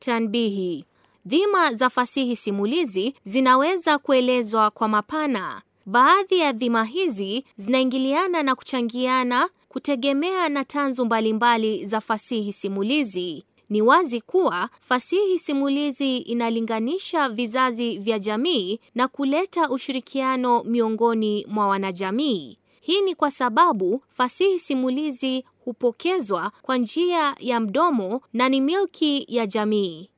Tanbihi: dhima za fasihi simulizi zinaweza kuelezwa kwa mapana. Baadhi ya dhima hizi zinaingiliana na kuchangiana kutegemea na tanzu mbalimbali za fasihi simulizi. Ni wazi kuwa fasihi simulizi inalinganisha vizazi vya jamii na kuleta ushirikiano miongoni mwa wanajamii. Hii ni kwa sababu fasihi simulizi hupokezwa kwa njia ya mdomo na ni milki ya jamii.